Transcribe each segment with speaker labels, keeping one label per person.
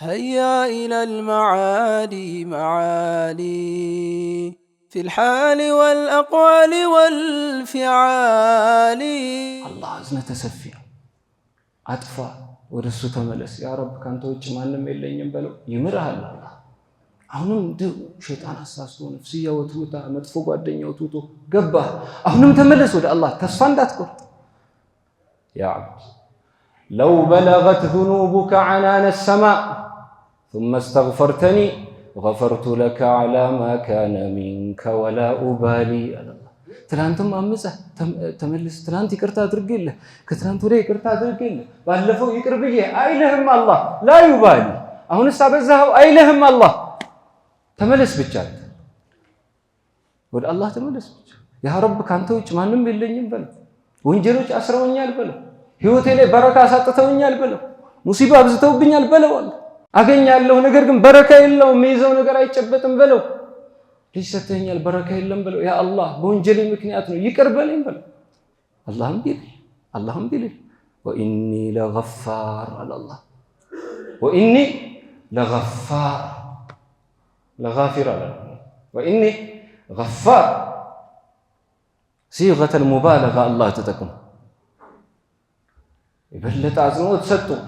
Speaker 1: هيا إلى المعالي معالي في الحال والأقوال والفعال
Speaker 2: الله እዝነት ሰፊ ነው። አጥፋ፣ ወደ እሱ ተመለስ። ያ ረብ ካንተ ውጭ ማንም የለኝም በለው። ይምርሃል አላህ። አሁንም እንዲሁ ሸይጣን አሳስቶ ነፍስያ ወትውታ መጥፎ ጓደኛው ትቶ ገባ አሁንም ተመለስ ወደ አላህ፣ ተስፋ እንዳትቆርጥ ያ ዐብድ ለው በለገት ዙኑቡከ ዐናነ ሰማ ثم استغفرتني غፈርቱ ለከ ላ ማ ካነ ሚንከ ወላ ኡባሊ። ትናንትም አመፀህ ተመልስ። ትናንት ይቅርታ አድርጌልህ፣ ከትናንት ወዲያ ይቅርታ አድርጌልህ፣ ባለፈው ይቅር ብዬ አይልህም አላህ። ላ ዩባሊ። አሁንስ አበዛኸው አይልህም አላህ። ተመለስ ብቻ ወደ አላህ ተመለስ ብቻ። ያ ረብ ከአንተ ውጭ ማንም የለኝም በለው። ወንጀሎች አስረውኛል በለው። ህይወቴ ላይ በረካ አሳጥተውኛል በለው። ሙሲባ አብዝተውብኛል በለው አለ أغني الله نجركم بركة الله وميزه نجرا يجبتهم بلو ليش ستهني البركة الله بلو يا الله بونجلي مكنياتنا يكربلين بلو اللهم بيلي اللهم بيلي وإني لغفار على الله وإني لغفار لغافر على الله وإني غفار صيغة المبالغة الله تتكم يبلت عزمه تسطو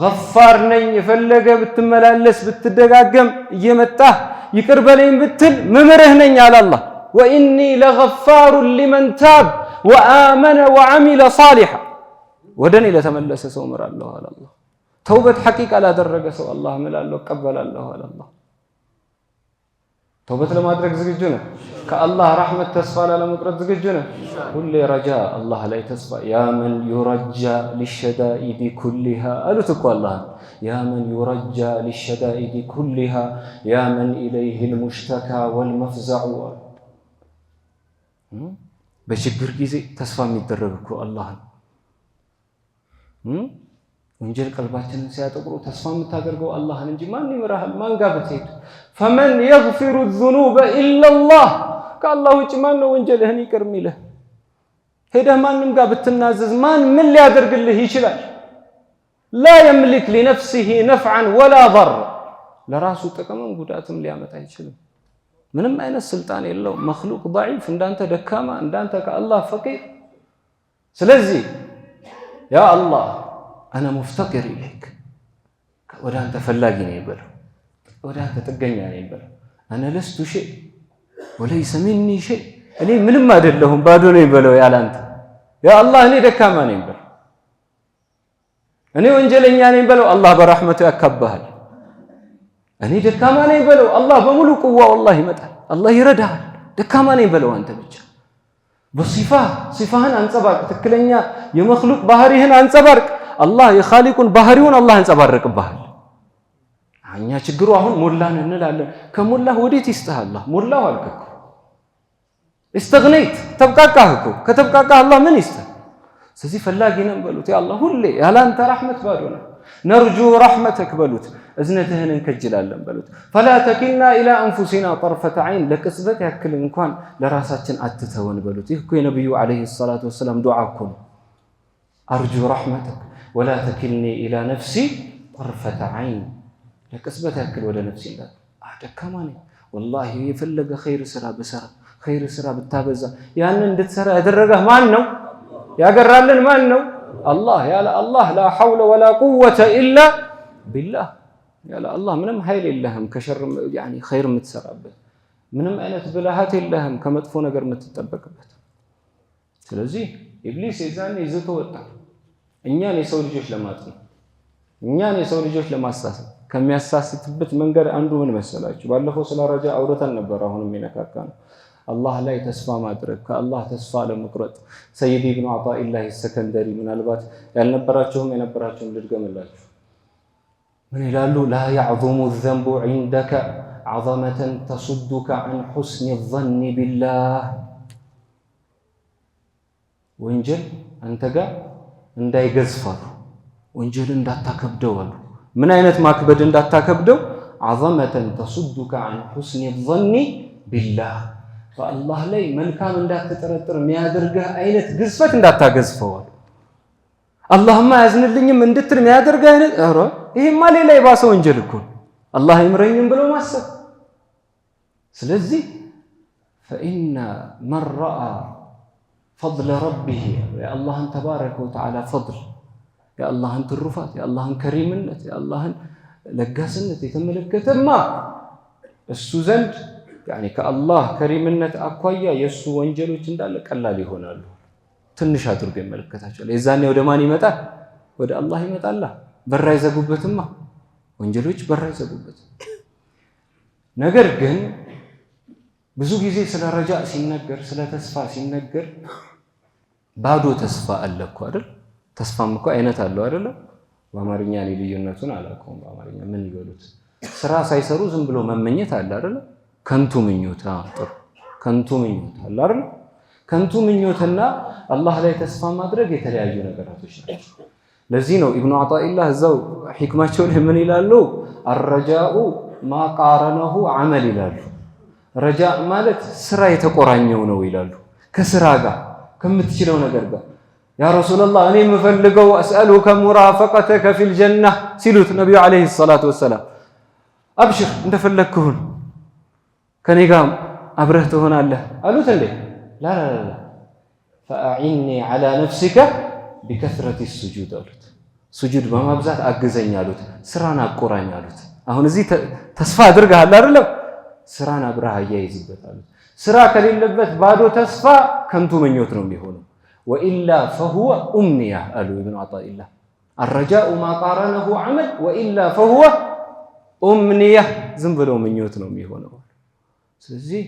Speaker 2: ገፋር ነኝ የፈለገ ብትመላለስ ብትደጋገም እየመጣህ ይቅር በለኝ ብትል መምርህ ነኝ አለ አላህ። ወኢኒ ለገፋሩን ሊመን ታብ ወአመነ ወዐሚለ ሷሊሐ ወደ እኔ ለተመለሰ ሰው ምራለሁ አለ አላህ። ተውበት ሐቂቃ ላደረገ ሰው አላህ ምላለሁ እቀበላለሁ አለ አላህ። ተውበት ለማድረግ ዝግጁ ነህ? ከአላህ ረሕመት ተስፋ ላለመቁረጥ ዝግጁ ነህ? ሁሌ ረጃ አላህ ላይ ተስፋ ያመን መን ዩረጃ ሊሸዳኢዲ ኩሊሃ አሉት እኮ አላህ ያ መን ዩረጃ ሊሸዳኢዲ ኩሊሃ ያመን መን ኢለይህ ልሙሽተካ ወልመፍዘዑ በችግር ጊዜ ተስፋ የሚደረግ እኮ አላህ ወንጀል ቀልባችንን ሲያጠቁሩ ተስፋ የምታደርገው አላህን እንጂ ማን ይምራሃል? ማን ጋር ብትሄድ? ፈመን የግፊሩ ዙኑበ ኢለላህ ከአላህ ውጭ ማን ነው ወንጀልህን ይቅር የሚልህ? ሄደህ ማንም ጋር ብትናዘዝ ማን ምን ሊያደርግልህ ይችላል? ላ የምሊክ ሊነፍሲሂ ነፍዓን ወላ በር ለራሱ ጥቅምም ጉዳትም ሊያመጣ አይችልም። ምንም አይነት ስልጣን የለው። መክሉቅ ضعيف እንዳንተ ደካማ እንዳንተ ከአላህ ፈቂር። ስለዚህ ያ አላህ أنا مفتقر إليك ولا أنت فلاقي نيبر ولا أنت تقني نيبر أنا لست شيء وليس مني شيء أنا من ما أدل لهم بادوني بلو يا لانت يا الله أني دكاما نيبر أني وانجلين يا نيبلو الله برحمة أكبها أني دكاما نيبلو الله بملو قوة والله متى الله يردها دكاما نيبلو أنت بجا بصفة صفة أنت بارك تكلين يا مخلوق بحري هنا أنت بارك አላህ የኻሊቁን ባህሪውን አላህ ያንጸባረቅብሃል። እኛ ችግሩ አሁን ሞላን እንላለን። ከሞላህ ወዴት ይስጥህ አላህ? ሞላሁ አልክ እኮ እስተግኔት ተብቃቃህ እኮ። ከተብቃቃህ አላህ ምን ይስጥህ? ስለዚህ ፈላጊ ነን በሉት። ያ አላህ ሁሌ ያላንተ ረሕመት ባዶ ነው። ነርጁ ረሕመተክ በሉት። እዝነትህን እንከጅላለን በሉት። ፈላ ተኪልና ኢላ አንፉሲና ጠርፈተ ዓይን ለቅጽበት ያክል እንኳን ለራሳችን አትተወን በሉት። ይህ እኮ የነቢዩ ዓለይሂ ሰላቱ ወሰላም ዱዓ እኮ ነው። አርጁ ረሕመተክ ወላ ተኪልኒ ኢላ ነፍሲ ጠርፈተ ዓይን ለቅጽበት ያክል ወደ ነፍሲ እንዳ ደካማ ነኝ ወላሂ የፈለገ ኸይር ስራ ብሰራ ኸይር ስራ ብታበዛ ያንን እንድትሰራ ያደረገህ ማን ነው? ያገራልን ማን ነው? አላህ። ያለ አላህ ላ ሐውለ ወላ ቁወተ ኢላ ቢላህ። ያለ አላህ ምንም ኃይል የለህም ከሸር ኸይር የምትሰራበት ምንም አይነት ብልሃት የለህም ከመጥፎ ነገር የምትጠበቅበት። ስለዚህ ኢብሊስ የዛኔ ይዝቶ ወጣ። እኛን የሰው ልጆች ለማጥናት እኛን የሰው ልጆች ለማሳሰብ ከሚያሳስትበት መንገድ አንዱ ምን መሰላችሁ? ባለፈው ስለ ረጃ አውርተን ነበር። አሁንም የሚነካካ ነው። አላህ ላይ ተስፋ ማድረግ፣ ከአላህ ተስፋ ለመቁረጥ ሰይድ ብኑ አጣኢላህ ሰከንደሪ ምናልባት ያልነበራችሁም የነበራችሁም ልድገምላችሁ። ምን ይላሉ? ላ ያዕዙሙ ዘንቡ ዒንደከ ዓዘመተን ተሱዱከ ዐን ሑስኒ ዘኒ ቢላህ ወንጀል አንተ ጋር እንዳይገዝፋሉ ወንጀል እንዳታከብደው አሉ። ምን አይነት ማክበድ እንዳታከብደው አዘመተን ተሱዱከ አን ሁስኒ ظኒ ቢላህ በአላህ ላይ መልካም እንዳትጠረጥር የሚያደርግህ አይነት ግዝፈት እንዳታገዝፈዋል። አላህማ አያዝንልኝም እንድትል የሚያደርግህ አይነት ኧረ ይሄማ ሌላ የባሰ ወንጀል እኮ አላህ አይምረኝም ብሎ ማሰብ። ስለዚህ ፈኢነ መን ረአ ፈድለ ረቢህ የአላህን ተባረከ ወተዓላ ፈድል የአላህን ትሩፋት የአላህን ከሪምነት የአላህን ለጋስነት የተመለከተማ እሱ ዘንድ ከአላህ ከሪምነት አኳያ የእሱ ወንጀሎች እንዳለ ቀላል ይሆናሉ። ትንሽ አድርጎ ይመለከታቸዋል። የዛኔ ወደ ማን ይመጣል? ወደ አላህ ይመጣላ። በራ አይዘጉበትማ ወንጀሎች በራ ይዘጉበት። ነገር ግን ብዙ ጊዜ ስለ ረጃ ሲነገር ስለ ተስፋ ሲነገር ባዶ ተስፋ አለ እኮ አይደል? ተስፋም እኮ አይነት አለው አይደለ? በአማርኛ እኔ ልዩነቱን አላውቀውም። በአማርኛ ምን ይበሉት? ስራ ሳይሰሩ ዝም ብሎ መመኘት አለ አይደለ? ከንቱ ምኞት ጥሩ፣ ከንቱ ምኞት አለ አይደለ? ከንቱ ምኞትና አላህ ላይ ተስፋ ማድረግ የተለያዩ ነገራቶች ናቸው። ለዚህ ነው ኢብኑ አጣኢላህ እዛው ሂክማቸው ላይ ምን ይላሉ? አረጃኡ ማቃረነሁ አመል ይላሉ ረጃ ማለት ስራ የተቆራኘው ነው ይላሉ። ከስራ ጋር ከምትችለው ነገር ጋር ያ ረሱላላህ እኔ የምፈልገው አስአሉከ ሙራፈቀተከ ፊል ጀና ሲሉት ነቢዩ ዓለይሂ ሰላቱ ወሰላም አብሽር እንደፈለግክሁን ከኔ ጋር አብረህ ትሆናለህ አሉት። እንዴ ላላላ ፈአዒኒ ዓላ ነፍሲከ ቢከስረት ስጁድ አሉት። ስጁድ በማብዛት አግዘኝ አሉት። ስራን አቆራኝ አሉት። አሁን እዚህ ተስፋ አድርገሃል አይደለም ስራን አብረህ አያይዝበታል። ስራ ከሌለበት ባዶ ተስፋ ከንቱ ምኞት ነው የሚሆነው። ወኢላ ፈሁወ ኡምኒያ አሉ ኢብኑ ዓጣኢላ። አረጃኡ ማቃረነሁ ዓመል ወኢላ ፈሁወ ኡምኒያ፣ ዝም ብለው ምኞት ነው የሚሆነው። ስለዚህ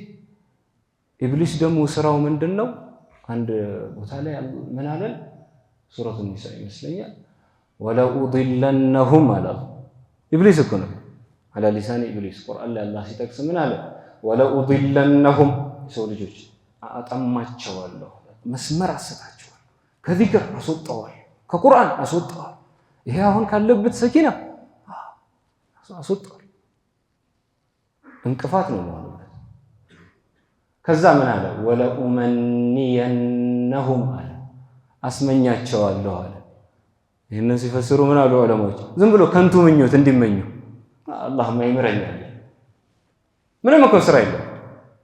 Speaker 2: ኢብሊስ ደግሞ ስራው ምንድን ነው? አንድ ቦታ ላይ ምን አለን? ሱረቱ ኒሳ ይመስለኛል። ወለኡድለነሁም አላሉ ኢብሊስ እኮ ነው አላ ሊሳን ኢብሊስ ቁርአን ላይ አላህ ሲጠቅስ ምን አለ? ወለኡድለነሁም የሰው ልጆች አጠማቸዋለሁ፣ መስመር አሰጣቸዋል፣ ከዚክር አስወጠዋል ከቁርአን አስወጠዋል ይሄ አሁን ካለበት ሰኪና አስወጣዋል። እንቅፋት ነው ማለት። ከዛ ምን አለ? ወለኡመኒየነሁም አለ አስመኛቸዋለሁ አለ። ይህንን ሲፈስሩ ምን አሉ ዑለማዎች? ዝም ብሎ ከንቱ ምኞት እንዲመኘው አላህማ ይምረኛል። ምንም እኮ ስራ የለም።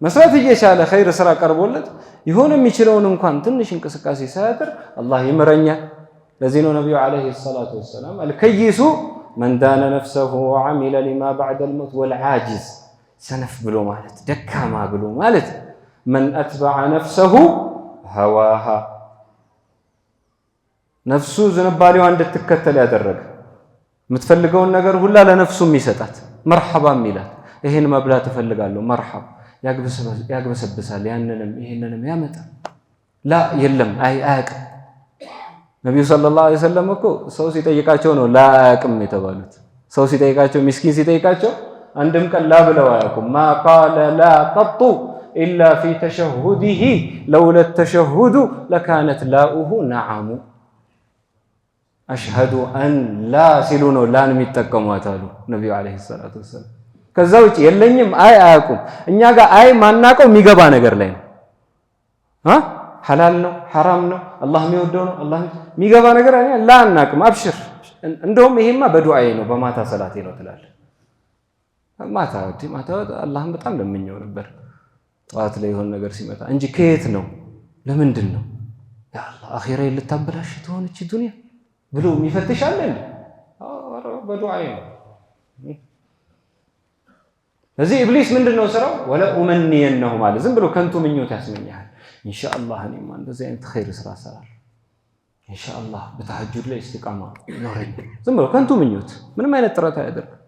Speaker 2: መስራት እየቻለ ኸይር ስራ ቀርቦለት ይሆን የሚችለውን እንኳን ትንሽ እንቅስቃሴ ሳያጥር አላህ ይምረኛል። ለዚህ ነው ነቢዩ ዓለይሂ ሰላቱ ወሰላም አልከይሱ መንዳነ ነፍሰሁ ወዓሚለ ሊማ ባዕደል መውት ወልዓጅዝ ሰነፍ ብሎ ማለት ደካማ ብሎ ማለት መን አትበዐ ነፍሰሁ ሀዋሃ ነፍሱ ዝንባሌዋ እንድትከተል ያደረገ የምትፈልገውን ነገር ሁላ ለነፍሱ ይሰጣት። መርሐባም ይላል። ይህን መብላት እፈልጋለሁ። መርሐብ ያግበሰብሳል። ያንንም ይህንንም ያመጣ ላ የለም አያቅም። ነቢዩ ሰለላሁ ዐለይሂ ወሰለም እኮ ሰው ሲጠይቃቸው ነው ላ አያቅም የተባሉት። ሰው ሲጠይቃቸው፣ ሚስኪን ሲጠይቃቸው አንድም ቀን ላ ብለው አያውቁም። ማ ቃለ ላ ቀጡ ኢላ ፊ ተሸሁዲሂ ለውለት ተሸሁዱ ለካነት ላኡሁ ነዓሙ አሽሃዱ አን ላ ሲሉ ነው ላን የሚጠቀሟት አሉ ነቢዩ ዓለይሂ ሰላቱ ወሰላም። ከዛ ውጭ የለኝም አይ አያውቁም። እኛ ጋር አይ ማናቀው የሚገባ ነገር ላይ ነው። ሐላል ነው ሐራም ነው አላህ የሚወደው ነው አላህ የሚገባ ነገር አይ ላ አናቅም። አብሽር እንደውም ይሄማ በዱዓዬ ነው በማታ ሰላቴ ነው ትላለህ። ማታ ወዲህ ማታ አላህም በጣም ለምኜው ነበር ጠዋት ላይ የሆነ ነገር ሲመጣ እንጂ ከየት ነው ለምንድን ነው ያ አኺራ ልታበላሽ ትሆን እቺ ዱንያ ብሎ የሚፈትሽ አለ በዱዓይ ነው። እዚህ ኢብሊስ ምንድን ነው ስራው? ወለ ኡመንየነሁ ማለ። ዝም ብሎ ከንቱ ምኞት ያስመኛል። ኢንሻአላህ እኔማ እንደዚህ አይነት ኸይር ስራ እሰራለሁ፣ ኢንሻአላህ በተሐጁድ ላይ ኢስቲቃማ ይኖረኛል። ዝም ብሎ ከንቱ ምኞት፣ ምንም አይነት ጥረት አያደርግም።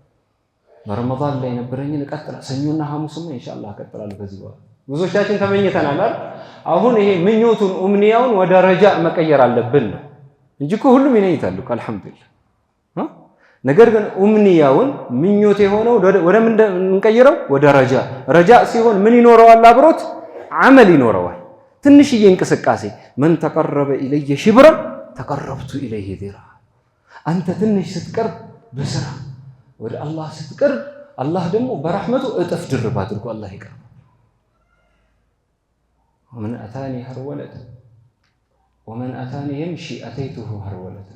Speaker 2: በረመዳን ላይ የነበረኝን እቀጥላለሁ፣ ሰኞና ሐሙስማ ኢንሻአላህ እቀጥላለሁ። ከዚህ በኋላ ብዙዎቻችን ተመኝተናል። አሁን ይሄ ምኞቱን ኡምንያውን ወደ ረጃ መቀየር አለብን ነው እንጂ እኮ ሁሉም ይነይታል አልሐምዱሊላህ። ነገር ግን ኡምንያውን ምኞት የሆነው ወደ ምን እንቀይረው? ወደ ረጃ። ረጃ ሲሆን ምን ይኖረዋል? አብሮት አመል ይኖረዋል። ትንሽዬ እንቅስቃሴ መን ተቀረበ ኢለየ ሽብረ ተቀረብቱ ኢለይህ ዚራ። አንተ ትንሽ ስትቀርብ በስራ ወደ አላህ ስትቀርብ አላህ ደግሞ በራህመቱ እጥፍ ድርብ አድርጎ አላህ ይቀርባል። ወመን አታኒ ሀር ወለድ ወመን አታኒ የምሺ አተይቱሁ ሀርወለት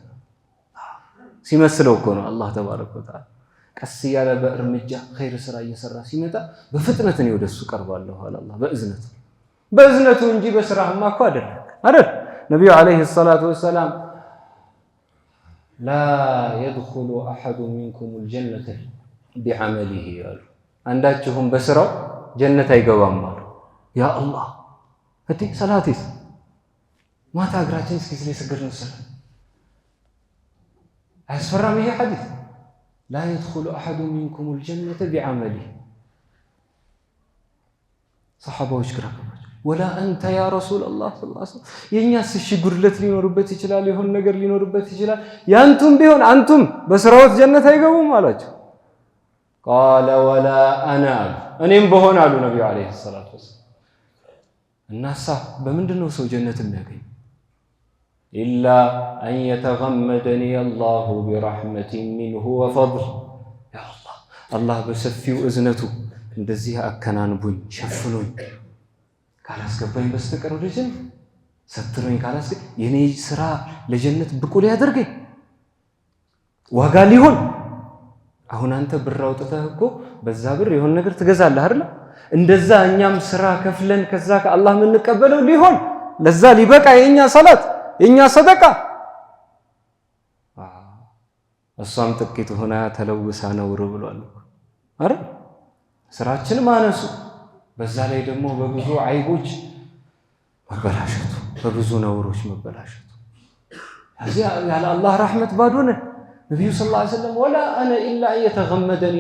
Speaker 2: ሲመስለው እኮ ነው። አላህ ተባረከ ወተዓላ ቀስ እያለ በእርምጃ ኸይር ስራ እየሰራ ሲመጣ በፍጥነት እኔ ወደሱ ቀርባለሁ አለ አላህ። በእዝነቱ በእዝነቱ እንጂ በስራህማ እኮ አይደለም አይደል? ነቢዩ ዓለይሂ ሰላቱ ወሰላም ላ የድኹሉ አሐዱ ሚንኩም ልጀነተ ቢዓመሊሂ አሉ። አንዳችሁም በስራው ጀነት አይገባም አሉ። ያ አላህ እቴ ሰላቴስ ማታ እግራችን እስኪ ስለ ሰገድ ነው ሰለ አያስፈራም? ይሄ ሐዲስ ላ የድኹሉ አሐዱ ሚንኩም ልጀነተ ቢዓመሊ ሰሓባዎች ግራ ገባቸው። ወላ አንተ ያ ረሱል ላ የእኛ እሺ ጉድለት ሊኖርበት ይችላል፣ የሆን ነገር ሊኖርበት ይችላል። ያንቱም ቢሆን አንቱም በስራዎት ጀነት አይገቡም አላቸው። ቃለ ወላ አና እኔም በሆን አሉ ነቢዩ ዓለይሂ ሰላቱ ወሰላም። እናሳ በምንድን ነው ሰው ጀነት የሚያገኝ? إلا أن يتغمدني الله برحمة منه وفضل يا الله الله በሰፊው እዝነቱ እንደዚህ አከናንቡኝ ሸፍኖኝ ካላስገባኝ በስተቀር ወደ ጀነት ሰትሮኝ ካላስ የኔ ስራ ለጀነት ብቁ ሊያደርገኝ ዋጋ ሊሆን አሁን አንተ ብር አውጥተህ እኮ በዛ ብር የሆን ነገር ትገዛለህ አይደል? እንደዛ እኛም ስራ ከፍለን ከዛ ከአላህ የምንቀበለው ሊሆን ለዛ ሊበቃ የእኛ ሰላት የእኛ ሰደቃ እሷም ጥቂት ሆና ተለውሳ ነውር ብሏል አይደል? ስራችን ማነሱ፣ በዛ ላይ ደግሞ በብዙ አይቦች መበላሸቱ፣ በብዙ ነውሮች መበላሸቱ ከዚያ ያለ አላህ ረሕመት ባዶ ነን። ነቢዩ ስ ላ ስለም ወላ አነ ኢላ እየተገመደን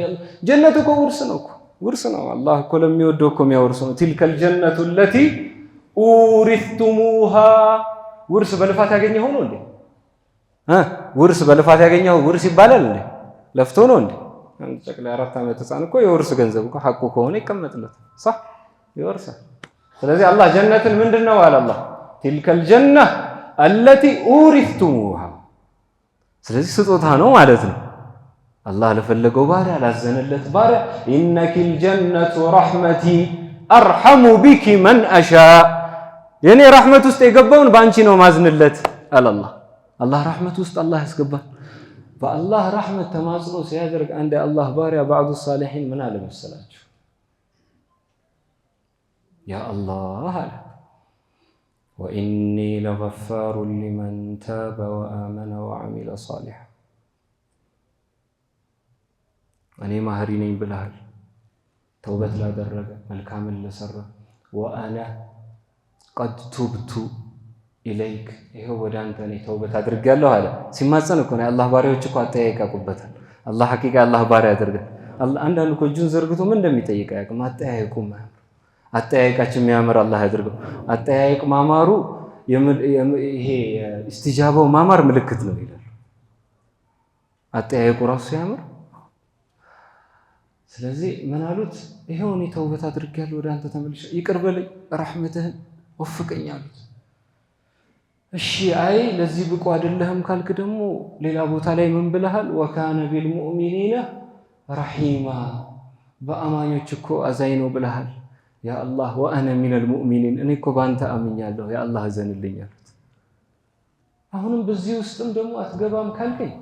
Speaker 2: ጀነት እኮ ውርስ ነው ውርስ ነው። አላህ እኮ ለሚወደው እኮ የሚያወርስ ነው። ትልከል ጀነቱ ለቲ ኡሪትሙሃ ውርስ በልፋት ያገኘኸው ነው እንዴ? ውርስ በልፋት ያገኘኸው ውርስ ይባላል እንዴ? ለፍቶ ነው እንዴ? አንድ ጨቅላ አራት ዓመት ህፃን እኮ የውርስ ገንዘብ እኮ ሐቁ ከሆነ ይቀመጥለት ሳ ይወርሳል። ስለዚህ አላህ ጀነትን ምንድን ነው አለ አላህ ቲልከል ጀና አለቲ ኡሪፍቱሙሃ ስለዚህ ስጦታ ነው ማለት ነው። አላህ ለፈለገው ባሪያ ላዘነለት ባሪያ ኢነኪል ጀነቱ ረሕመቲ አርሐሙ ቢኪ መን አሻ የኔ ራህመት ውስጥ የገባውን በአንቺ ነው ማዝንለት አለ አላህ። ራህመት ውስጥ አላህ ያስገባል። በአላህ ራህመት ተማጽኖ ሲያደርግ አንድ የአላህ ባሪያ ባዕዱ ሳሊሒን ምን አለ መሰላችሁ? ያ አላህ አለ ወኢኒ ለገፋሩ ሊመን ታበ ወአመነ ወዐሚለ ሳሊሐ እኔ ማህሪ ነኝ ብለሃል፣ ተውበት ላደረገ መልካምን ለሰራ ወአነ ቀድ ቱብቱ ኢለይክ ይኸው ወደ አንተ ነው ተውበት አድርጌያለሁ አለ። ሲማጸን እኮ ነው የአላህ ባሪያዎች እኮ አጠያየቅ ያውቁበታል። አላህ ሐቂቃ አላህ ባሪያ ያደርጋል። አንዳንድ እኮ እጁን ዘርግቶ ምን እንደሚጠይቅ አያውቅም። አጠያየቁ ማያምር አጠያየቃችን የሚያምር አላህ ያድርገው። አጠያየቅ ማማሩ ይሄ ኢስቲጃባው ማማር ምልክት ነው ይላል። አጠያየቁ ራሱ ሲያምር ስለዚህ ምን አሉት? ይኸው እኔ ተውበት አድርጌያለሁ ወደ አንተ ተመልሼ ይቅር በለኝ ረሕመትህን ወፍቀኝ አሉት። እሺ አይ ለዚህ ብቁ አይደለህም ካልክ ደግሞ ሌላ ቦታ ላይ ምን ብለሃል? ወካነ ቢልሙእሚኒነ ረሒማ በአማኞች እኮ አዛኝ ነው ብለሃል። ያ አላህ ወአነ ሚነል ሙእሚኒን እኔ እኮ በአንተ አምኛለሁ ያ አላህ እዘንልኝ አሉት። አሁንም በዚህ ውስጥም ደግሞ አትገባም ካልከኝ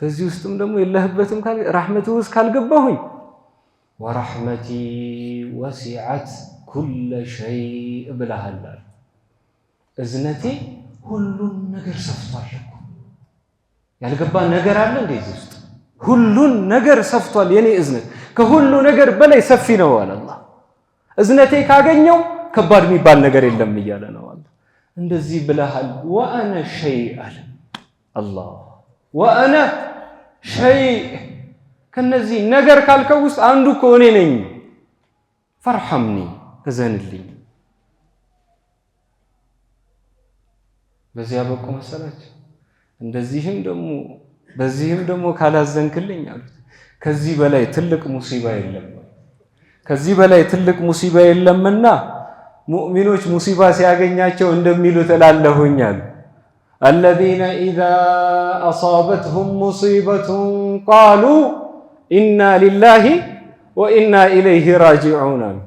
Speaker 2: በዚህ ውስጥም ደግሞ የለህበትም ካልከኝ ራሕመትህ ውስጥ ካልገባሁኝ ወራሕመቲ ወሲዐት ኩለ ሸይእ ብለሃል እዝነቴ ሁሉን ነገር ሰፍቷል እኮ ያልገባ ነገር አለ እንዴ? እዚህ ውስጥ ሁሉን ነገር ሰፍቷል። የኔ እዝነት ከሁሉ ነገር በላይ ሰፊ ነው አለ አላህ። እዝነቴ ካገኘው ከባድ የሚባል ነገር የለም እያለ ነው አለ። እንደዚህ ብለሃል። ወአነ ሸይ አለ አላህ። ወአነ ሸይ ከነዚህ ነገር ካልከው ውስጥ አንዱ እኮ እኔ ነኝ። ፈርሐምኒ እዘንልኝ። በዚያ በቆ መሰላቸው። እንደዚህም ደግሞ በዚህም ደግሞ ካላዘንክልኝ አሉት፣ ከዚህ በላይ ትልቅ ሙሲባ የለም። ከዚህ በላይ ትልቅ ሙሲባ የለምና ሙእሚኖች ሙሲባ ሲያገኛቸው እንደሚሉት እላለሁኝ አሉ። አለዚነ ኢዛ አሳበትሁም ሙሲበቱን ቃሉ ኢና ሊላሂ ወኢና ኢለይሂ ራጂዑን አሉ።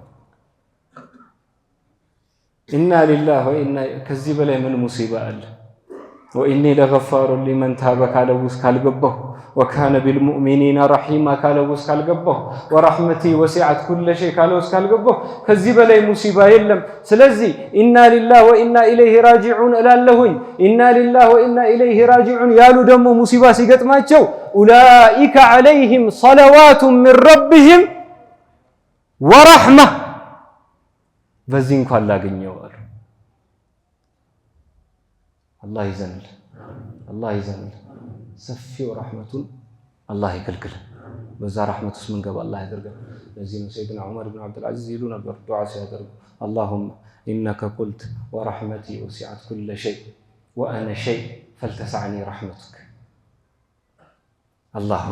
Speaker 2: ኢና ሊላህ እና ከዚህ በላይ ምን ሙሲባ አለ? ወኢኒ ለገፋሩ ሊመን ታበ ካለው ውስጥ ካልገባሁ፣ ወካነ ቢልሙእሚኒና ረሒማ ካለው ውስጥ ካልገባሁ፣ ወራሕመቲ ወሲዓት ኩለ ሸይ ካለው ውስጥ ካልገባሁ ከዚህ በላይ ሙሲባ የለም። ስለዚህ ኢና ሊላህ ወኢና ኢለይህ ራጂዑን እላለሁኝ። ኢና ሊላህ ወኢና ኢለይህ ራጂዑን ያሉ ደግሞ ሙሲባ ሲገጥማቸው ኡላኢከ ዓለይህም ሰለዋቱ ምን ረብህም ወረሕማ በዚህ እንኳን ላገኘዋል። አላህ ይዘንል፣ አላህ ይዘንል። ሰፊው ረሕመቱን አላህ ይክልክል። በዛ ረሕመት ውስጥ ምንገባ አላህ ያደርገን። ለዚህ ነው ሰይድና ዑመር ብን ዓብድልዓዚዝ ይሉ ነበር ዱዓ ሲያደርጉ አላሁመ ኢነከ ቁልት ወረሕመቲ ወሲዐት ኩለ ሸይ ወአነ ሸይ ፈልተስዓኒ ረሕመቱክ። አላህ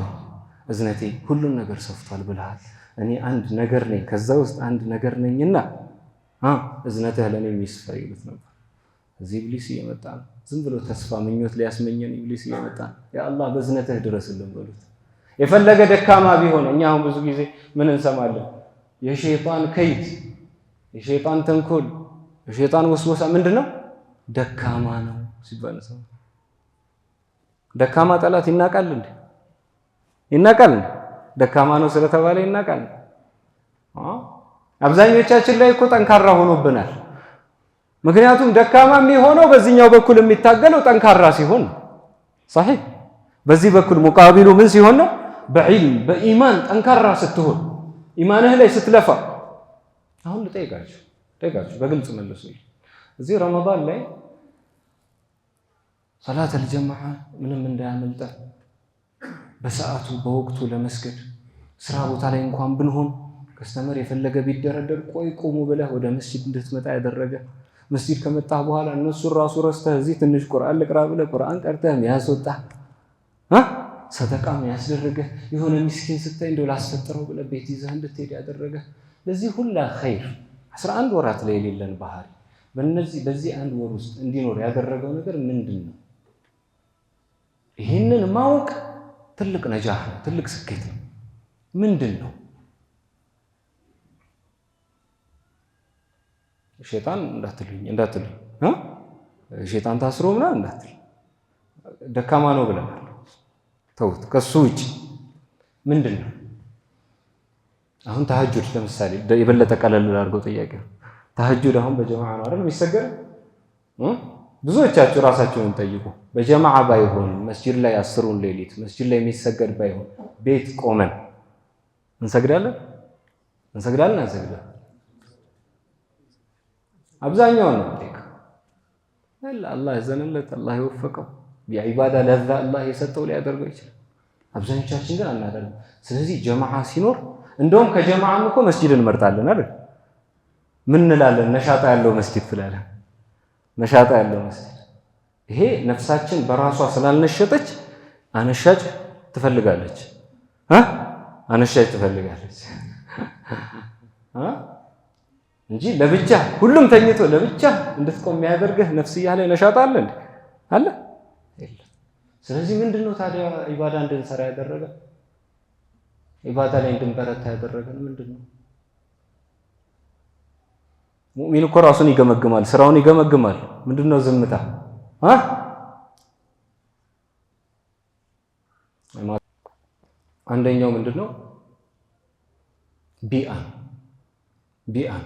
Speaker 2: እዝነቴ ሁሉን ነገር ሰፍቷል ብልሃል። እኔ አንድ ነገር ነኝ፣ ከዛ ውስጥ አንድ ነገር ነኝና እዝነትህ ለእኔ የሚስፈር ይሉት ነበር። እዚህ ኢብሊስ እየመጣ ነው። ዝም ብሎ ተስፋ ምኞት ሊያስመኘን ኢብሊስ እየመጣ ነው። ያ በእዝነትህ ድረስልን በሉት። የፈለገ ደካማ ቢሆን እኛ አሁን ብዙ ጊዜ ምን እንሰማለን? የሸይጣን ከይት፣ የሸይጣን ተንኮል፣ የሸይጣን ወስወሳ ምንድን ነው? ደካማ ነው ሲባል ደካማ ጠላት ይናቃል እንዴ? ይናቃል እንዴ? ደካማ ነው ስለተባለ ይናቃል አብዛኞቻችን ላይ እኮ ጠንካራ ሆኖብናል። ምክንያቱም ደካማ የሚሆነው በዚህኛው በኩል የሚታገለው ጠንካራ ሲሆን ነው። በዚህ በኩል ሙቃቢሉ ምን ሲሆን ነው? በዒልም በኢማን ጠንካራ ስትሆን ኢማንህ ላይ ስትለፋ። አሁን ልጠይቃችሁ በግልጽ መልሱ። እዚህ ረመዳን ላይ ሰላት አልጀማዓ ምንም እንዳያመልጠን በሰዓቱ በወቅቱ ለመስገድ ስራ ቦታ ላይ እንኳን ብንሆን ከስተመር የፈለገ ቢደረደር ቆይ ቆሞ ብለህ ወደ መስጅድ እንድትመጣ ያደረገ መስጅድ ከመጣህ በኋላ እነሱን ራሱ ረስተህ እዚህ ትንሽ ቁርአን ልቅራ ብለህ ቁርአን ቀርተህ ያስወጣ ሰተቃም ያስደረገ የሆነ ሚስኪን ስታይ እንደው ላስፈጥረው ብለህ ቤት ይዘህ እንድትሄድ ያደረገ ለዚህ ሁላ ኸይር አስራ አንድ ወራት ላይ የሌለን ባህሪ በነዚህ በዚህ አንድ ወር ውስጥ እንዲኖር ያደረገው ነገር ምንድን ነው? ይህንን ማወቅ ትልቅ ነጃህ ነው፣ ትልቅ ስኬት ነው። ምንድን ነው ሸጣን እንዳትሉኝ እንዳትሉኝ ሸጣን ታስሮ ምናምን እንዳትል ደካማ ነው ብለናል። ተውት። ከሱ ውጭ ምንድን ነው አሁን ተሐጁድ ለምሳሌ የበለጠ ቀለል ላድርገው ጥያቄ ነው። ተሐጁድ አሁን በጀማዓ ነው አይደል የሚሰገድ? ብዙዎቻችሁ ራሳቸውን ጠይቁ። በጀማዓ ባይሆን መስጂድ ላይ አስሩን ሌሊት መስጂድ ላይ የሚሰገድ ባይሆን ቤት ቆመን እንሰግዳለን እንሰግዳለን አንሰግዳለን አብዛኛው ነው የሚጠይቀው። አላህ ያዘነለት፣ አላህ የወፈቀው የዒባዳ ለዛ አላህ የሰጠው ሊያደርገው ይችላል። አብዛኞቻችን ግን አናደርግም። ስለዚህ ጀማዓ ሲኖር እንደውም ከጀማዓም እኮ መስጂድ እንመርጣለን አይደል? ምን እንላለን? ነሻጣ ያለው መስጂድ ትላለን። ነሻጣ ያለው መስጂድ ይሄ ነፍሳችን በራሷ ስላልነሸጠች አነሻጭ ትፈልጋለች፣ አነሻጭ ትፈልጋለች። እንጂ ለብቻ ሁሉም ተኝቶ ለብቻ እንድትቆም የሚያደርግህ ነፍስያ ላይ ነሻጣ አለ እንዴ? አለ የለም። ስለዚህ ምንድን ነው ታዲያ ኢባዳ እንድንሰራ ያደረገ ኢባዳ ላይ እንድንበረታ ያደረገን ምንድን ነው? ሙእሚን እኮ ራሱን ይገመግማል፣ ስራውን ይገመግማል። ምንድን ነው ዝምታ? አንደኛው ምንድን ነው ቢአን ቢአን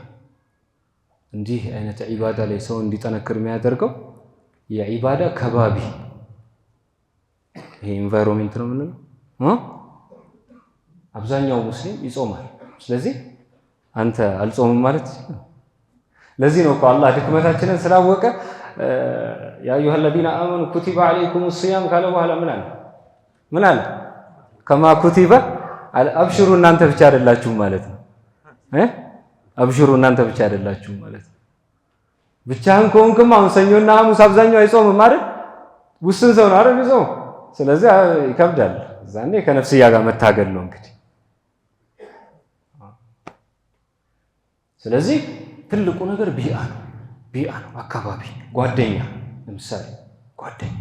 Speaker 2: እንዲህ አይነት ዒባዳ ላይ ሰው እንዲጠነክር የሚያደርገው የዒባዳ ከባቢ ይሄ ኢንቫይሮንሜንት ነው የምንለው። አብዛኛው ሙስሊም ይጾማል። ስለዚህ አንተ አልጾምም ማለት ለዚህ ነው እኮ አላህ ድክመታችንን ስላወቀ ያ አዩሃ ለዚነ አመኑ ኩቲበ ዓለይኩም ስያም ካለ በኋላ ምን አለ? ምን አለ? ከማ ኩቲበ አብሽሩ እናንተ ብቻ አይደላችሁም ማለት ነው። አብሽሩ እናንተ ብቻ አይደላችሁ ማለት ነው። ብቻህን ከሆንክም አሁን ሰኞና ሐሙስ አብዛኛው አይጾምም አይደል? ውስን ሰው ነው አይደል የሚጾም። ስለዚህ ይከብዳል። እዛኔ ከነፍስያ ጋር መታገል ነው እንግዲህ። ስለዚህ ትልቁ ነገር ቢያ ነው፣ ቢያ ነው አካባቢ፣ ጓደኛ። ለምሳሌ ጓደኛ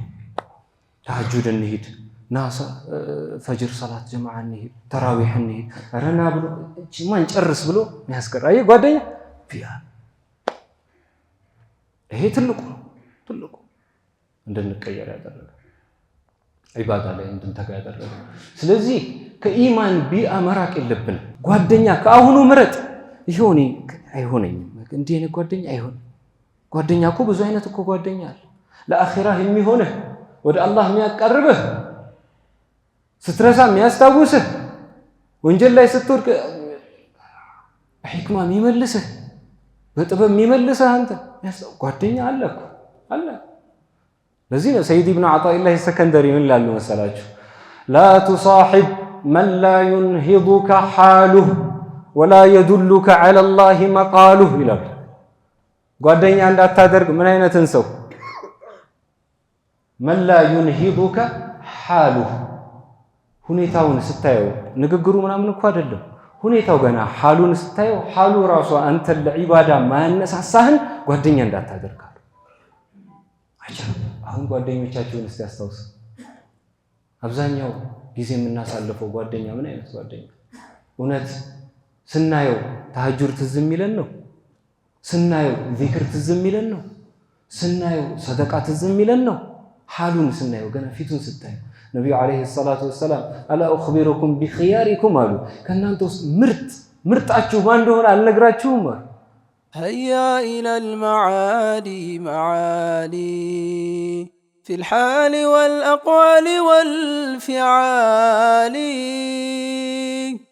Speaker 2: ተሐጁድ እንሂድ ናሳ ፈጅር ሰላት ጀማዓ እንሄድ ተራዊሕ እንሄድ ረና ብሎ ማን ጨርስ ብሎ ያስቀር። አየህ ጓደኛ ያ ይሄ ትልቁ ነው ትልቁ እንድንቀየር ያደረገ ዒባዳ ላይ እንድንተጋ ያደረገ። ስለዚህ ከኢማን ቢአ መራቅ የለብን። ጓደኛ ከአሁኑ ምረጥ። ይሆኔ አይሆነኝም፣ እንዲህ አይነት ጓደኛ አይሆን። ጓደኛ እኮ ብዙ አይነት እኮ ጓደኛ አለ። ለአኺራህ የሚሆንህ ወደ አላህ የሚያቀርብህ ስትረሳ የሚያስታውስህ፣ ወንጀል ላይ ስትወድቅ ሕክማ የሚመልስህ፣ በጥበብ የሚመልስህ አንተ ጓደኛ አለ አለ። ለዚህ ነው ሰይድ ብን ዓጣኢላህ ሰከንደሪ ምን ላሉ መሰላችሁ? ላ ቱሳሒብ መን ላ ዩንሂዱከ ሓሉህ ወላ የዱሉከ ዓላ ላሂ መቃሉህ ይላሉ። ጓደኛ እንዳታደርግ ምን አይነትን ሰው መን ላ ዩንሂዱከ ሓሉህ ሁኔታውን ስታየው ንግግሩ ምናምን እኮ አይደለም። ሁኔታው ገና ሓሉን ስታየው ሓሉ ራሷ አንተን ለዒባዳ ማያነሳሳህን ጓደኛ እንዳታደርጋሉ። አሁን ጓደኞቻቸውን እስቲ ያስታውስ። አብዛኛው ጊዜ የምናሳልፈው ጓደኛ ምን አይነት ጓደኛ? እውነት ስናየው ታህጁር ትዝ የሚለን ነው? ስናየው ዚክር ትዝ የሚለን ነው? ስናየው ሰደቃ ትዝ የሚለን ነው? ሓሉን ስናየው ገና ፊቱን ስታየው النبي عليه الصلاة والسلام ألا أخبركم بخياركم قالوا كان أنتم مرت مرت أشوف عندهم على نقراتهم هيا إلى المعالي معالي في الحال والأقوال والفعالي